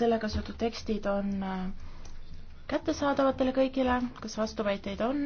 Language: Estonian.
sellega seotud tekstid on äh, kättesaadavatele kõigile, kas vastuväiteid on?